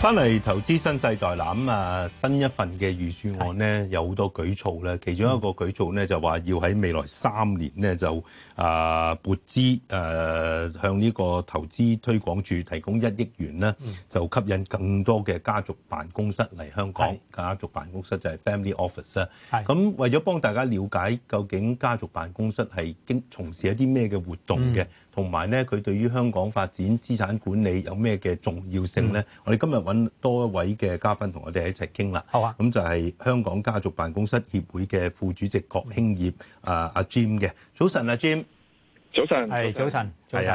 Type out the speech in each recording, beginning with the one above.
翻嚟投資新世代啦，咁啊，新一份嘅預算案咧有好多舉措咧，其中一個舉措咧就話要喺未來三年咧就啊撥資誒向呢個投資推廣署提供一億元咧，就吸引更多嘅家族辦公室嚟香港。是家族辦公室就係 family office 啊是。咁為咗幫大家了解究竟家族辦公室係經從事一啲咩嘅活動嘅？嗯同埋咧，佢對於香港發展資產管理有咩嘅重要性咧？嗯、我哋今日揾多一位嘅嘉賓同我哋一齊傾啦。好啊的，咁就係香港家族辦公室協會嘅副主席郭興業啊，阿 Jim 嘅，早晨啊、啊、Jim 早晨，係早晨，早晨。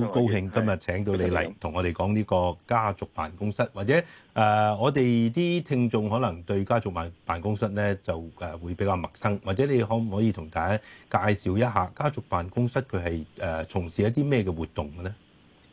好高興今日請到你嚟同我哋講呢個家族辦公室，或者誒、呃，我哋啲聽眾可能對家族辦辦公室咧就誒會比較陌生，或者你可唔可以同大家介紹一下家族辦公室佢係誒從事一啲咩嘅活動嘅咧？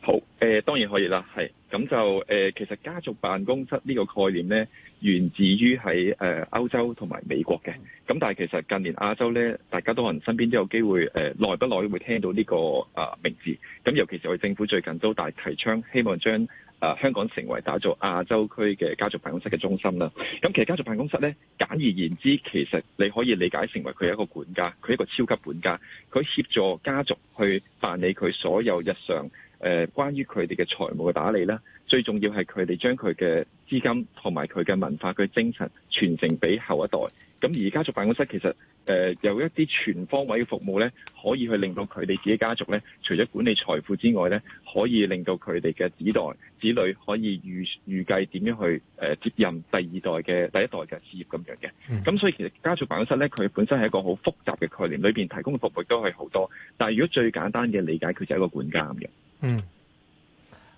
好誒、呃，當然可以啦。係咁就誒、呃，其實家族辦公室呢個概念呢，源自於喺誒歐洲同埋美國嘅。咁但係其實近年亞洲呢，大家都可能身邊都有機會誒，耐、呃、不耐會聽到呢、這個啊、呃、名字。咁尤其是我哋政府最近都大提倡，希望將誒、呃、香港成為打造亞洲區嘅家族辦公室嘅中心啦。咁其實家族辦公室呢，簡而言之，其實你可以理解成為佢一個管家，佢一個超級管家，佢協助家族去辦理佢所有日常。誒、呃，關於佢哋嘅財務嘅打理啦，最重要係佢哋將佢嘅資金同埋佢嘅文化、佢精神傳承俾後一代。咁而家族辦公室其實誒、呃、有一啲全方位嘅服務咧，可以去令到佢哋自己家族咧，除咗管理財富之外咧，可以令到佢哋嘅子代、子女可以預預計點樣去誒接任第二代嘅第一代嘅事業咁樣嘅。咁、嗯、所以其實家族辦公室咧，佢本身係一個好複雜嘅概念，裏面提供嘅服務都係好多。但係如果最簡單嘅理解，佢就係一個管家咁樣。嗯，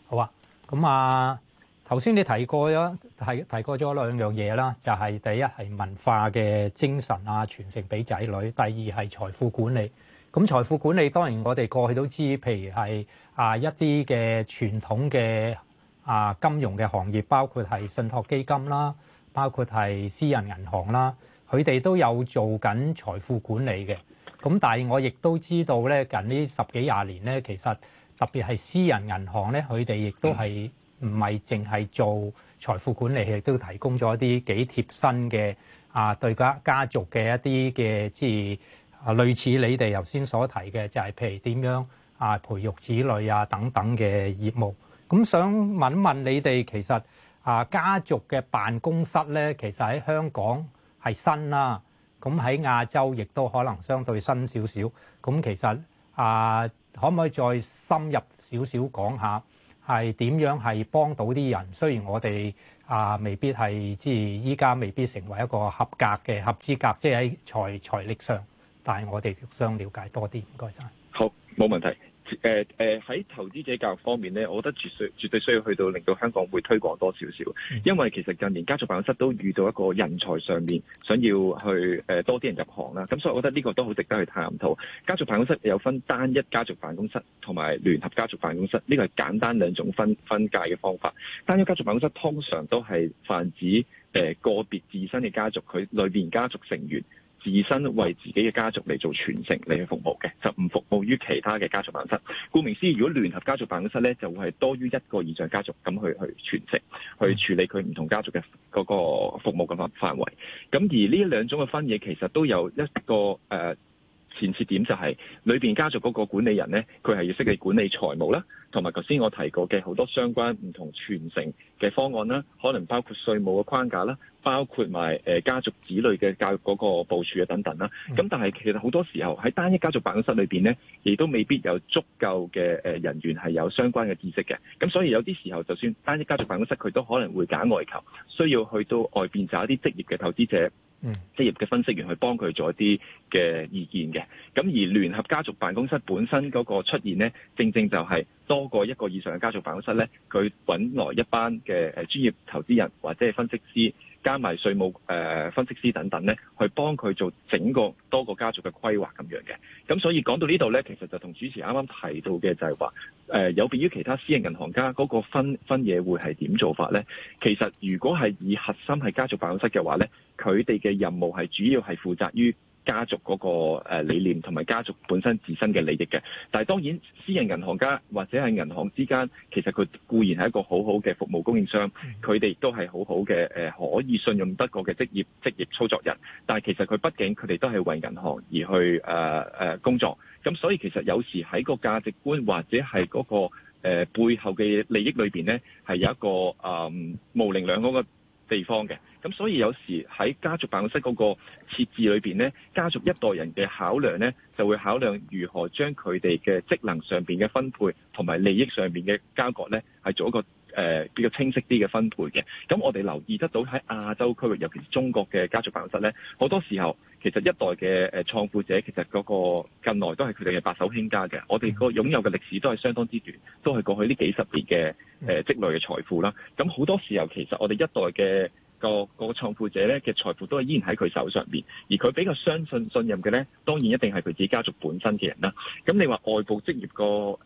好啊。咁啊，頭先你提過咗提提過咗兩樣嘢啦，就係第一係文化嘅精神啊，傳承俾仔女；第二係財富管理。咁財富管理當然我哋過去都知，譬如係啊一啲嘅傳統嘅啊金融嘅行業，包括係信託基金啦，包括係私人銀行啦，佢哋都有做緊財富管理嘅。咁但係我亦都知道咧，近呢十幾廿年咧，其實～特別係私人銀行咧，佢哋亦都係唔係淨係做財富管理，佢亦都提供咗一啲幾貼身嘅啊，對家家族嘅一啲嘅，即係類似你哋頭先所提嘅，就係譬如點樣啊，培育子女啊等等嘅業務。咁想問問你哋，其實啊，家族嘅辦公室咧，其實喺香港係新啦，咁喺亞洲亦都可能相對新少少。咁其實啊。可唔可以再深入少少講下係點樣係幫到啲人？雖然我哋啊未必係即係依家未必成為一個合格嘅合資格，即係喺財財力上，但係我哋想了解多啲，唔該晒。好，冇問題。誒誒，喺投資者教育方面咧，我覺得絕，絕對需要去到令到香港會推廣多少少，因為其實近年家族辦公室都遇到一個人才上面想要去、呃、多啲人入行啦，咁所以我覺得呢個都好值得去探討。家族辦公室有分單一家族辦公室同埋聯合家族辦公室，呢個係簡單兩種分分界嘅方法。單一家族辦公室通常都係泛指誒、呃、個別自身嘅家族，佢裏邊家族成員。自身為自己嘅家族嚟做傳承嚟去服務嘅，就唔服務於其他嘅家族辦公室。顧名思義，如果聯合家族辦公室咧，就會係多於一個以上家族咁去去傳承，去處理佢唔同家族嘅嗰個服務嘅範圍。咁而呢兩種嘅分野其實都有一個、呃前設點就係、是、裏面家族嗰個管理人呢，佢係要識得管理財務啦，同埋頭先我提過嘅好多相關唔同傳承嘅方案啦，可能包括稅務嘅框架啦，包括埋、呃、家族子女嘅教育嗰個部署啊等等啦。咁但係其實好多時候喺單一家族辦公室裏面呢，亦都未必有足夠嘅人員係有相關嘅知識嘅。咁所以有啲時候，就算單一家族辦公室，佢都可能會揀外求，需要去到外邊找一啲職業嘅投資者。嗯，職業嘅分析員去幫佢做一啲嘅意見嘅，咁而聯合家族辦公室本身嗰個出現呢，正正就係多過一個以上嘅家族辦公室呢，佢揾來一班嘅誒專業投資人或者係分析師。加埋稅務誒分析師等等咧，去幫佢做整個多個家族嘅規劃咁樣嘅。咁所以講到呢度咧，其實就同主持啱啱提到嘅就係話，誒、呃、有別於其他私人銀行家嗰、嗰個分分野會係點做法咧？其實如果係以核心係家族辦公室嘅話咧，佢哋嘅任務係主要係負責於家族嗰個理念同埋家族本身自身嘅利益嘅，但係當然私人銀行家或者係銀行之間，其實佢固然係一個好好嘅服務供應商，佢哋都係好好嘅可以信任得過嘅職業職業操作人。但係其實佢畢竟佢哋都係為銀行而去、呃呃、工作，咁所以其實有時喺個價值觀或者係嗰、嗰個、呃、背後嘅利益裏面呢，係有一個誒模、呃、棱兩可嘅。地方嘅，咁所以有時喺家族辦公室嗰個設置裏邊咧，家族一代人嘅考量咧，就會考量如何將佢哋嘅職能上邊嘅分配同埋利益上邊嘅交割咧，係做一個。誒、呃、比較清晰啲嘅分配嘅，咁我哋留意得到喺亞洲區域，尤其是中國嘅家族辦公室呢，好多時候其實一代嘅創富者，其實嗰個近來都係佢哋嘅白手興家嘅，我哋個擁有嘅歷史都係相當之短，都係過去呢幾十年嘅誒、呃、積累嘅財富啦。咁好多時候其實我哋一代嘅個個創富者咧嘅財富都係依然喺佢手上邊，而佢比較相信信任嘅咧，當然一定係佢自己家族本身嘅人啦。咁你話外部職業個誒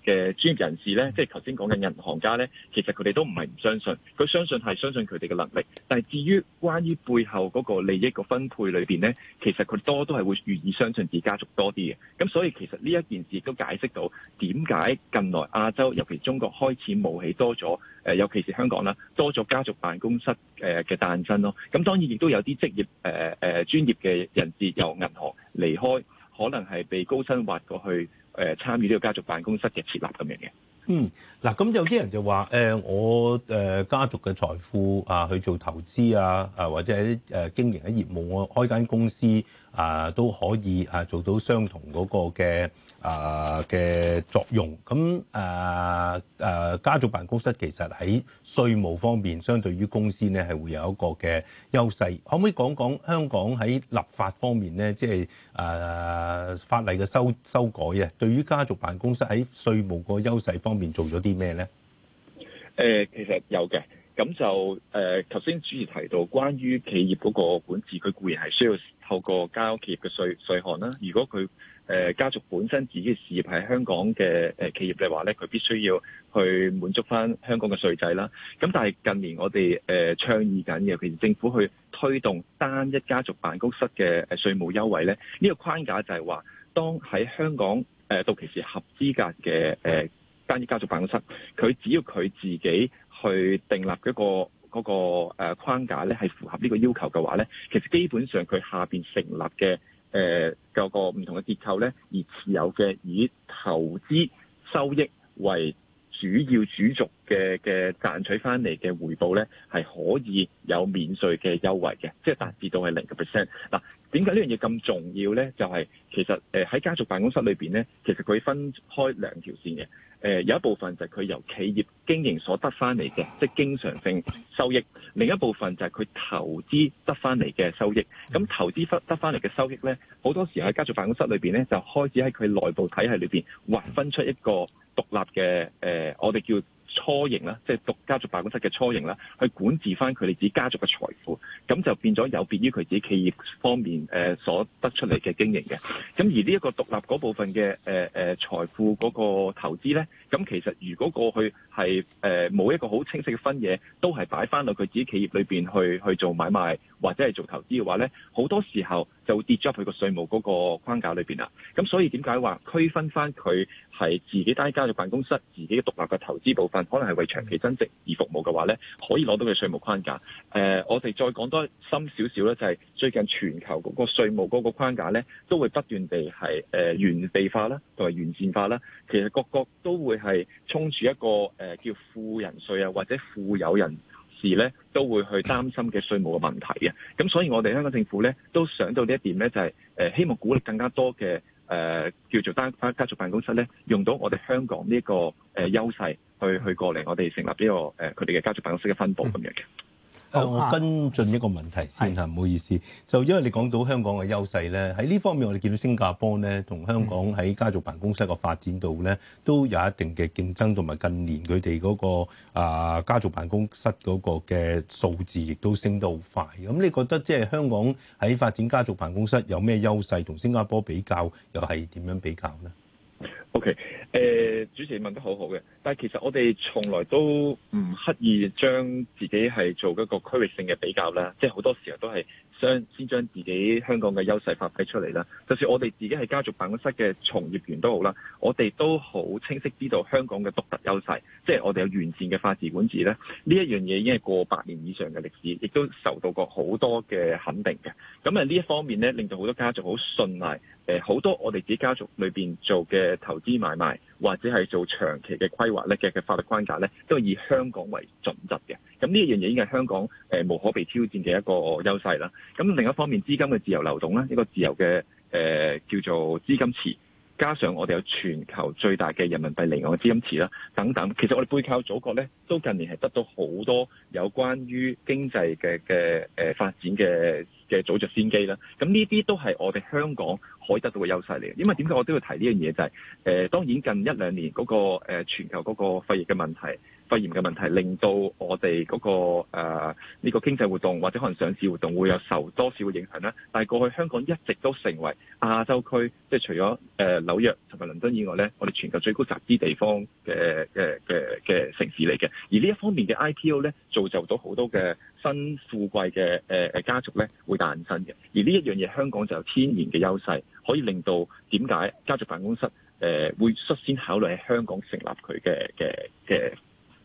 嘅專業人士咧，即係頭先講嘅銀行家咧，其實佢哋都唔係唔相信，佢相信係相信佢哋嘅能力。但係至於關於背後嗰個利益嘅分配裏面咧，其實佢多都係會願意相信自己家族多啲嘅。咁所以其實呢一件事都解釋到點解近來亞洲，尤其中國開始武器多咗。誒，尤其是香港啦，多咗家族辦公室誒嘅誕生咯。咁當然亦都有啲職業誒誒專業嘅人士由銀行離開，可能係被高薪挖過去誒參與呢個家族辦公室嘅設立咁樣嘅。嗯，嗱，咁有啲人就話誒、呃，我誒、呃、家族嘅財富啊，去做投資啊，啊或者誒、啊、經營嘅業務、啊，我開間公司。啊，都可以啊，做到相同嗰個嘅啊嘅作用。咁啊啊，家族辦公室其實喺稅務方面，相對於公司咧，係會有一個嘅優勢。可唔可以講講香港喺立法方面咧，即係啊法例嘅修修改啊，對於家族辦公室喺稅務個優勢方面做咗啲咩咧？誒，其實有嘅，咁就誒，頭先主持提到關於企業嗰個管治，佢固然係需要。透過家族企業嘅稅稅項啦，如果佢誒、呃、家族本身自己嘅事業係香港嘅、呃、企業嘅話咧，佢必須要去滿足翻香港嘅稅制啦。咁但係近年我哋誒倡議緊，尤其是政府去推動單一家族辦公室嘅誒稅務優惠咧，呢、呢個框架就係話，當喺香港誒、呃，到其時合資格嘅誒、呃、單一家族辦公室，佢只要佢自己去訂立一個。嗰個框架咧，係符合呢個要求嘅話咧，其實基本上佢下邊成立嘅誒、呃那個個唔同嘅結構咧，而持有嘅以投資收益為主要主族嘅嘅賺取翻嚟嘅回報咧，係可以有免稅嘅優惠嘅，即係達至到係零個 percent。嗱、啊，點解呢樣嘢咁重要咧？就係、是、其實誒喺家族辦公室裏邊咧，其實佢分開兩條線嘅。誒有一部分就係佢由企業經營所得翻嚟嘅，即係經常性收益；另一部分就係佢投資得翻嚟嘅收益。咁投資得返翻嚟嘅收益咧，好多時喺家族辦公室裏邊咧，就開始喺佢內部體系裏邊劃分出一個獨立嘅誒、呃，我哋叫。初型啦，即係獨家族辦公室嘅初型啦，去管治翻佢哋自己家族嘅財富，咁就變咗有別於佢自己企業方面誒、呃、所得出嚟嘅經營嘅。咁而呢一個獨立嗰部分嘅誒誒財富嗰個投資呢，咁其實如果過去係誒冇一個好清晰嘅分野，都係擺翻到佢自己企業裏邊去去做買賣或者係做投資嘅話呢，好多時候。就跌咗入佢個稅務嗰個框架裏面啦。咁所以點解話區分翻佢係自己單家嘅辦公室、自己嘅獨立嘅投資部分，可能係為長期增值而服務嘅話呢，可以攞到佢稅務框架。誒、呃，我哋再講多一深少少呢就係、是、最近全球嗰個稅務嗰個框架呢，都會不斷地係誒完備化啦，同埋完善化啦。其實各國都會係衝住一個誒叫富人稅啊，或者富有人。時咧都會去擔心嘅稅務嘅問題嘅，咁所以我哋香港政府咧都想到這呢一點咧，就係、是、誒、呃、希望鼓勵更加多嘅誒、呃、叫做單一家族辦公室咧，用到我哋香港呢、這個誒優勢去去過嚟我哋成立呢、這個誒佢哋嘅家族辦公室嘅分佈咁樣嘅。我跟進一個問題先嚇，唔好意思。就因為你講到香港嘅優勢咧，喺呢方面我哋見到新加坡咧同香港喺家族辦公室嘅發展度咧都有一定嘅競爭，同埋近年佢哋嗰個啊家族辦公室嗰個嘅數字亦都升得好快。咁你覺得即係香港喺發展家族辦公室有咩優勢，同新加坡比較又係點樣比較呢？O.K.，誒、呃，主持人問得好好嘅，但係其實我哋從來都唔刻意將自己係做一個區域性嘅比較啦，即係好多時候都係想先將自己香港嘅優勢發揮出嚟啦。就算我哋自己係家族辦公室嘅從業員都好啦，我哋都好清晰知道香港嘅獨特優勢，即、就、係、是、我哋有完善嘅法治管治咧。呢一樣嘢已經係過百年以上嘅歷史，亦都受到過好多嘅肯定嘅。咁啊，呢一方面咧，令到好多家族好信賴。好多我哋自己家族裏面做嘅投資買賣，或者係做長期嘅規劃咧嘅嘅法律框架咧，都係以香港為準則嘅。咁呢一樣嘢已經係香港誒無可被挑戰嘅一個優勢啦。咁另一方面，資金嘅自由流動啦，一個自由嘅誒、呃、叫做資金池，加上我哋有全球最大嘅人民幣離岸嘅資金池啦，等等。其實我哋背靠祖國咧，都近年係得到好多有關於經濟嘅嘅誒發展嘅嘅早著先機啦。咁呢啲都係我哋香港。可以得到個優勢嚟嘅，因為點解我都要提呢樣嘢就係、是、誒、呃，當然近一兩年嗰、那個誒、呃、全球嗰個肺炎嘅問題。肺炎嘅問題令到我哋嗰個誒呢個經濟活動或者可能上市活動會有受多少嘅影響啦，但係過去香港一直都成為亞洲區，即係除咗誒紐約同埋倫敦以外呢，我哋全球最高集資地方嘅嘅嘅城市嚟嘅。而呢一方面嘅 IPO 呢造就到好多嘅新富貴嘅誒誒家族呢會誕生嘅。而呢一樣嘢，香港就有天然嘅優勢，可以令到點解家族辦公室誒會率先考慮喺香港成立佢嘅嘅嘅，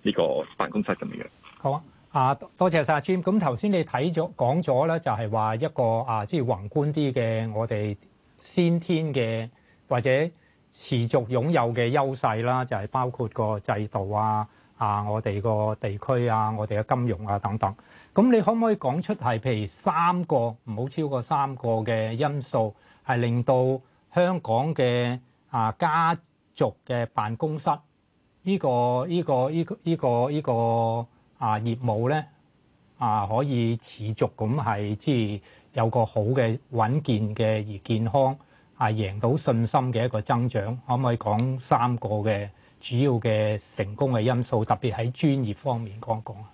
呢個辦公室咁樣，好啊！啊，多謝晒。啊，Jim。咁頭先你睇咗講咗咧，就係話一個啊，即係宏觀啲嘅我哋先天嘅或者持續擁有嘅優勢啦，就係包括個制度啊、啊，我哋個地區啊、我哋嘅金融啊等等。咁你可唔可以講出係譬如三個，唔好超過三個嘅因素，係令到香港嘅啊家族嘅辦公室？呢個呢個呢個呢個呢個啊業務咧啊可以持續咁係，即係有個好嘅穩健嘅而健康啊贏到信心嘅一個增長，可唔可以講三個嘅主要嘅成功嘅因素，特別喺專業方面講一講啊？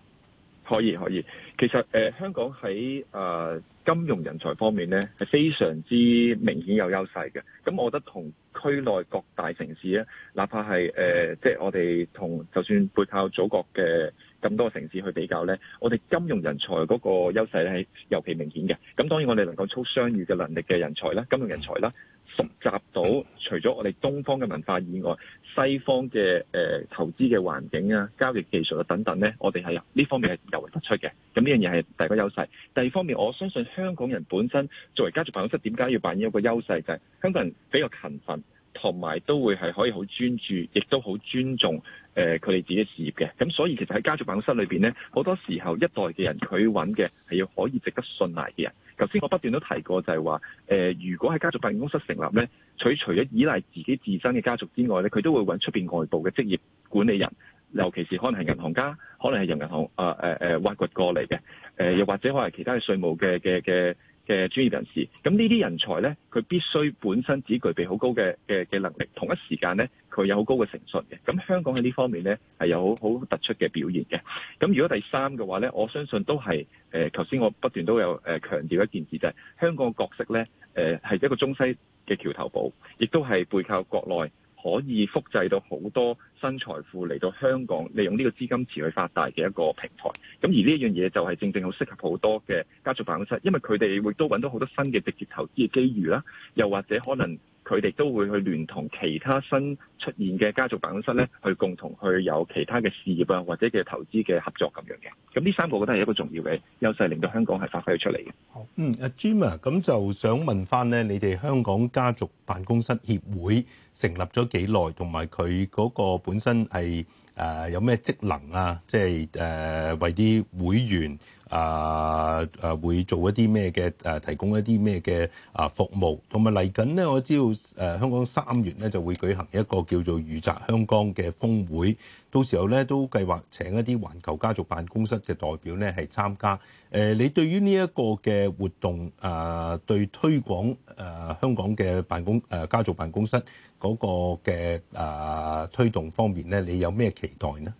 可以可以，其實誒香港喺誒。呃金融人才方面呢，係非常之明顯有優勢嘅。咁我覺得同區內各大城市呢，哪怕係誒，即、呃、係、就是、我哋同就算背靠祖國嘅咁多城市去比較呢，我哋金融人才嗰個優勢呢，係尤其明顯嘅。咁當然我哋能夠操商業嘅能力嘅人才啦，金融人才啦。蒐集到除咗我哋東方嘅文化以外，西方嘅、呃、投資嘅環境啊、交易技術啊等等咧，我哋係呢方面係尤為突出嘅。咁呢樣嘢係第一個優勢。第二方面，我相信香港人本身作為家族辦公室，點解要扮演一個優勢，就係、是、香港人比較勤奮同埋都會係可以好專注，亦都好尊重誒佢哋自己嘅事業嘅。咁所以其實喺家族辦公室裏邊咧，好多時候一代嘅人佢揾嘅係要可以值得信賴嘅人。頭先我不斷都提過就，就係話誒，如果喺家族辦公室成立咧，佢除咗依賴自己自身嘅家族之外咧，佢都會揾出邊外部嘅職業管理人，尤其是可能係銀行家，可能係由銀行誒誒誒挖掘過嚟嘅誒，又或者可能係其他嘅稅務嘅嘅嘅。嘅專業人士，咁呢啲人才呢，佢必須本身只具備好高嘅嘅嘅能力，同一時間呢，佢有好高嘅誠信嘅。咁香港喺呢方面呢，係有好好突出嘅表現嘅。咁如果第三嘅話呢，我相信都係誒，頭先我不斷都有誒強調一件事就係香港嘅角色呢，誒係一個中西嘅橋頭堡，亦都係背靠國內。可以複製到好多新財富嚟到香港，利用呢個資金池去發大嘅一個平台。咁而呢一樣嘢就係正正好適合好多嘅家族辦公室，因為佢哋亦都揾到好多新嘅直接投資嘅機遇啦，又或者可能。佢哋都會去聯同其他新出現嘅家族辦公室咧，去共同去有其他嘅事業啊，或者嘅投資嘅合作咁樣嘅。咁呢三個，我覺得係一個重要嘅優勢，令到香港係發揮咗出嚟嘅。好，嗯，阿 Jim，咁就想問翻咧，你哋香港家族辦公室協會成立咗幾耐，同埋佢嗰個本身係誒、呃、有咩職能啊？即係誒為啲會員。啊誒、啊、會做一啲咩嘅，提供一啲咩嘅啊服務，同埋嚟緊咧，我知道誒、啊、香港三月咧就會舉行一個叫做《裕澤香港》嘅峰會，到時候咧都計劃請一啲環球家族辦公室嘅代表咧係參加。誒、啊，你對於呢一個嘅活動啊，對推廣誒、啊、香港嘅辦公、啊、家族辦公室嗰個嘅啊推動方面咧，你有咩期待呢？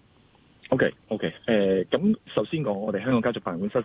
OK，OK，誒，咁、okay, okay, 呃、首先講，我哋香港家族辦公室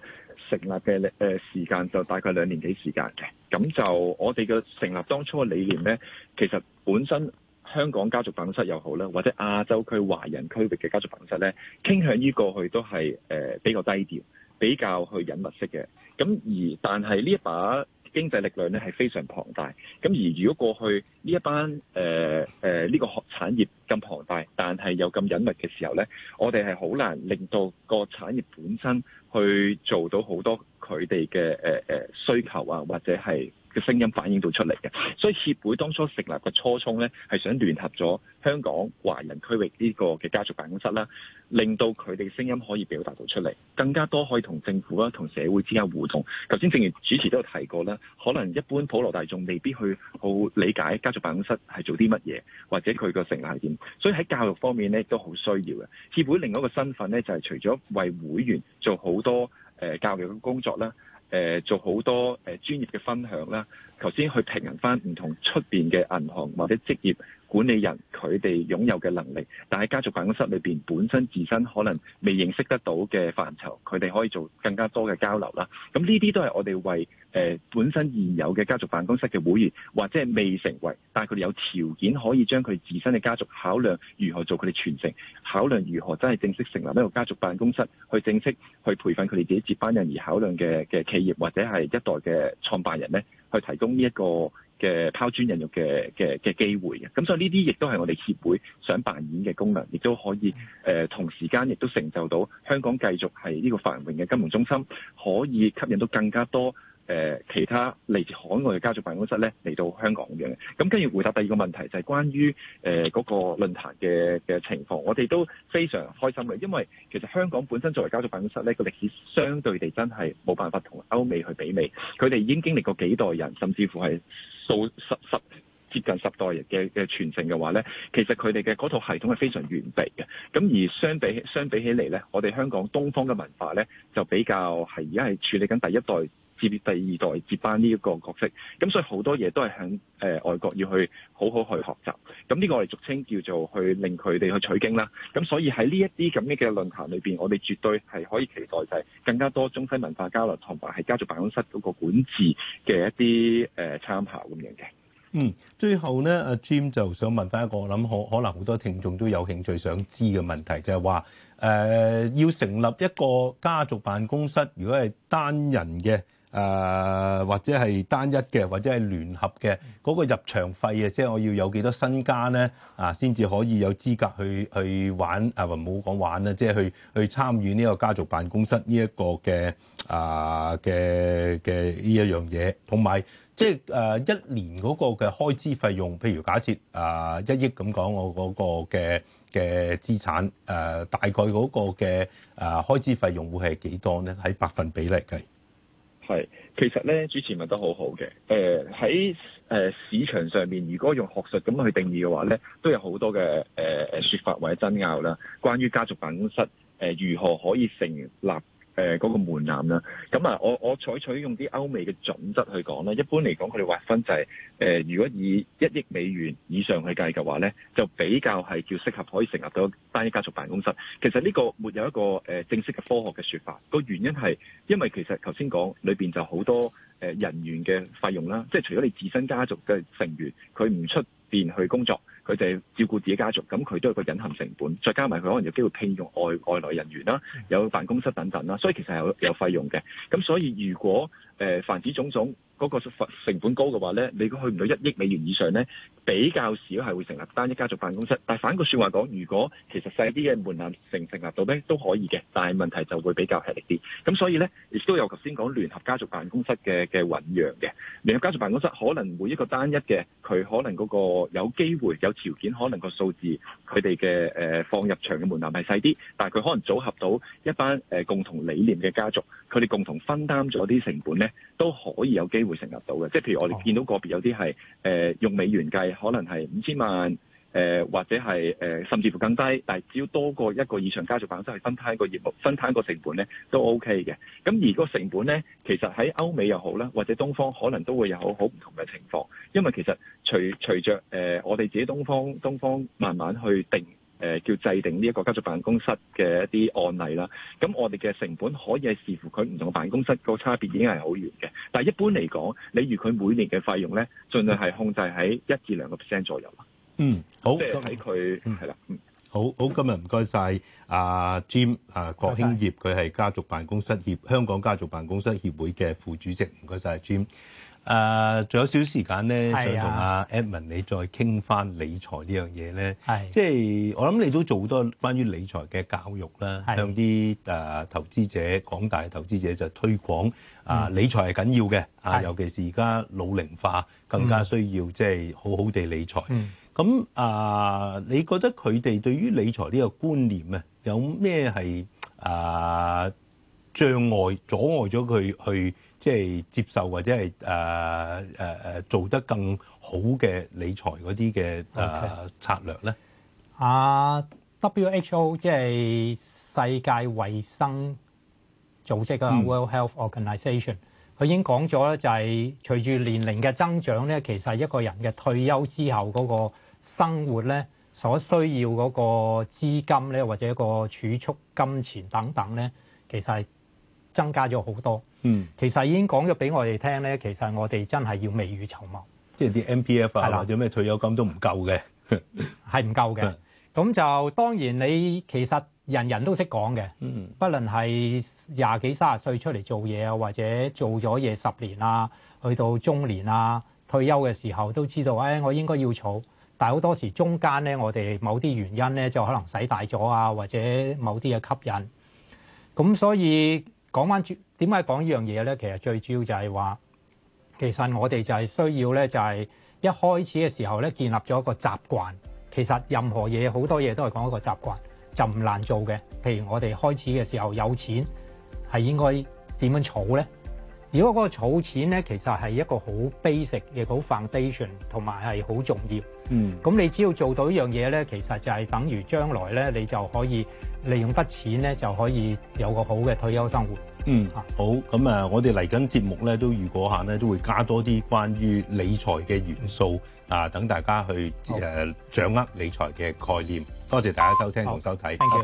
成立嘅誒時間就大概兩年幾時間嘅，咁就我哋嘅成立當初嘅理念咧，其實本身香港家族辦公室又好啦，或者亞洲區華人區域嘅家族辦公室咧，傾向於過去都係誒、呃、比較低調、比較去隱密式嘅，咁而但係呢一把。經濟力量咧係非常龐大，咁而如果過去呢一班誒誒呢個學產業咁龐大，但係有咁隱密嘅時候咧，我哋係好難令到個產業本身去做到好多佢哋嘅誒誒需求啊，或者係。嘅聲音反映到出嚟嘅，所以協會當初成立嘅初衷呢，係想聯合咗香港華人區域呢個嘅家族辦公室啦，令到佢哋聲音可以表達到出嚟，更加多可以同政府啦、同社會之間互動。頭先正如主持都有提過啦，可能一般普羅大眾未必去好理解家族辦公室係做啲乜嘢，或者佢個成立係點，所以喺教育方面呢，都好需要嘅。協會另外一個身份呢，就係除咗為會員做好多誒教育嘅工作啦。誒做好多誒專業嘅分享啦，頭先去平衡翻唔同出邊嘅銀行或者職業。管理人佢哋擁有嘅能力，但喺家族辦公室裏面本身自身可能未認識得到嘅範疇，佢哋可以做更加多嘅交流啦。咁呢啲都係我哋為、呃、本身現有嘅家族辦公室嘅會員，或者係未成為，但係佢哋有條件可以將佢自身嘅家族考量如何做佢哋傳承，考量如何真係正式成立一個家族辦公室，去正式去培訓佢哋自己接班人而考量嘅嘅企業或者係一代嘅創辦人咧，去提供呢、這、一個。嘅拋磚引玉嘅嘅嘅機會嘅，咁所以呢啲亦都係我哋協會想扮演嘅功能，亦都可以誒、呃、同時間亦都成就到香港繼續係呢個繁榮嘅金融中心，可以吸引到更加多。誒，其他嚟自海外嘅家族辦公室咧嚟到香港嘅，咁跟住回答第二個問題，就係關於誒嗰個論壇嘅嘅情況。我哋都非常開心嘅，因為其實香港本身作為家族辦公室咧，個歷史相對地真係冇辦法同歐美去比美。佢哋已經經歷過幾代人，甚至乎係數十十接近十代人嘅嘅傳承嘅話咧，其實佢哋嘅嗰套系統係非常完備嘅。咁而相比相比起嚟咧，我哋香港東方嘅文化咧，就比較係而家係處理緊第一代。接第二代接班呢一個角色，咁所以好多嘢都係向誒外國要去好好去學習。咁呢個我哋俗稱叫做去令佢哋去取經啦。咁所以喺呢一啲咁嘅嘅論壇裏邊，我哋絕對係可以期待就係更加多中西文化交流，同埋係家族辦公室嗰個管治嘅一啲誒參考咁樣嘅。嗯，最後呢，阿 Jim 就想問翻一個，我諗可可能好多聽眾都有興趣想知嘅問題，就係話誒要成立一個家族辦公室，如果係單人嘅。誒或者係單一嘅，或者係聯合嘅嗰個入場費啊，即係我要有幾多身家咧啊，先至可以有資格去去玩啊，唔好講玩啦，即係去去參與呢個家族辦公室呢一個嘅啊嘅嘅呢一樣嘢，同埋即係、啊、誒一年嗰個嘅開支費用，譬如假設啊一億咁講，我嗰個嘅嘅資產誒、啊、大概嗰個嘅誒、啊、開支費用會係幾多咧？喺百分比例計。係，其實咧主持問得好好嘅。誒、呃，喺誒、呃、市場上面，如果用學術咁去定義嘅話咧，都有好多嘅誒誒說法或者爭拗啦。關於家族辦公室，誒、呃、如何可以成立？誒嗰個門檻啦，咁啊，我我採取用啲歐美嘅準則去講啦。一般嚟講，佢哋劃分就係誒，如果以一億美元以上去計嘅話咧，就比較係叫適合可以成立到單一家族辦公室。其實呢個沒有一個誒正式嘅科學嘅說法，個原因係因為其實頭先講裏邊就好多誒人員嘅費用啦，即係除咗你自身家族嘅成員，佢唔出邊去工作。佢哋照顧自己家族，咁佢都係個隱含成本，再加埋佢可能有機會聘用外外來人員啦，有辦公室等等啦，所以其實係有有費用嘅。咁所以如果誒、呃、凡此種種。嗰個成本高嘅話呢，你如果去唔到一億美元以上呢，比較少係會成立單一家族辦公室。但反過説話講，如果其實細啲嘅門檻成成立到呢，都可以嘅，但係問題就會比較吃力啲。咁所以呢，亦都有頭先講聯合家族辦公室嘅嘅醖釀嘅。聯合家族辦公室可能會一個單一嘅，佢可能嗰個有機會有條件，可能個數字佢哋嘅誒放入場嘅門檻係細啲，但係佢可能組合到一班誒、呃、共同理念嘅家族，佢哋共同分擔咗啲成本呢，都可以有機會。會成立到嘅，即係譬如我哋見到個別有啲係，誒、呃、用美元計可能係五千萬，誒、呃、或者係誒、呃、甚至乎更低，但係只要多過一個以上家族辦公室去分攤個業務，分攤個成本咧都 OK 嘅。咁而個成本咧，其實喺歐美又好啦，或者東方可能都會有好唔同嘅情況，因為其實隨隨着誒我哋自己東方東方慢慢去定。誒叫制定呢一個家族辦公室嘅一啲案例啦，咁我哋嘅成本可以係視乎佢唔同嘅辦公室個差別，已經係好遠嘅。但係一般嚟講，你如佢每年嘅費用咧，盡量係控制喺一至兩個 percent 左右。嗯，好，即係喺佢係啦，嗯、的好好，今日唔該晒阿 Jim 啊，郭興業佢係家族辦公室協香港家族辦公室協會嘅副主席，唔該曬 Jim。誒，仲有少少時間咧，想同阿 Edmond 你再傾翻理財呢樣嘢咧。係，即係我諗你都做好多關於理財嘅教育啦，向啲誒投資者，廣大嘅投資者就推廣啊，理財係緊要嘅啊，尤其是而家老年化更加需要，即係好好地理財。咁啊，你覺得佢哋對於理財呢個觀念啊，有咩係誒障礙、阻礙咗佢去？即係接受或者係誒誒誒做得更好嘅理財嗰啲嘅誒策略咧啊、uh, WHO 即係世界衞生組織啊，World Health Organization，佢已經講咗咧，就係隨住年齡嘅增長咧，其實一個人嘅退休之後嗰個生活咧，所需要嗰個資金咧，或者一個儲蓄金錢等等咧，其實係，增加咗好多，其實已經講咗俾我哋聽咧。其實我哋真係要未雨綢繆，即係啲 M P F 啊，的或者咩退休金都唔夠嘅，係唔夠嘅。咁就當然你其實人人都識講嘅，不論係廿幾三十歲出嚟做嘢，或者做咗嘢十年啊，去到中年啊，退休嘅時候都知道，誒、哎、我應該要儲。但係好多時中間咧，我哋某啲原因咧就可能使大咗啊，或者某啲嘅吸引，咁所以。講翻轉點解講依樣嘢咧？其實最主要就係話，其實我哋就係需要咧，就係一開始嘅時候咧，建立咗一個習慣。其實任何嘢好多嘢都係講一個習慣，就唔難做嘅。譬如我哋開始嘅時候有錢，係應該點樣儲咧？如果嗰個儲錢咧，其實係一個好 basic 嘅好 foundation，同埋係好重要。嗯，咁你只要做到呢樣嘢咧，其實就係等於將來咧，你就可以利用筆錢咧，就可以有個好嘅退休生活。嗯，好。咁啊，我哋嚟緊節目咧，都如果下咧，都會加多啲關於理財嘅元素、嗯、啊，等大家去誒好、啊、掌握理財嘅概念。多謝大家收聽同好收睇。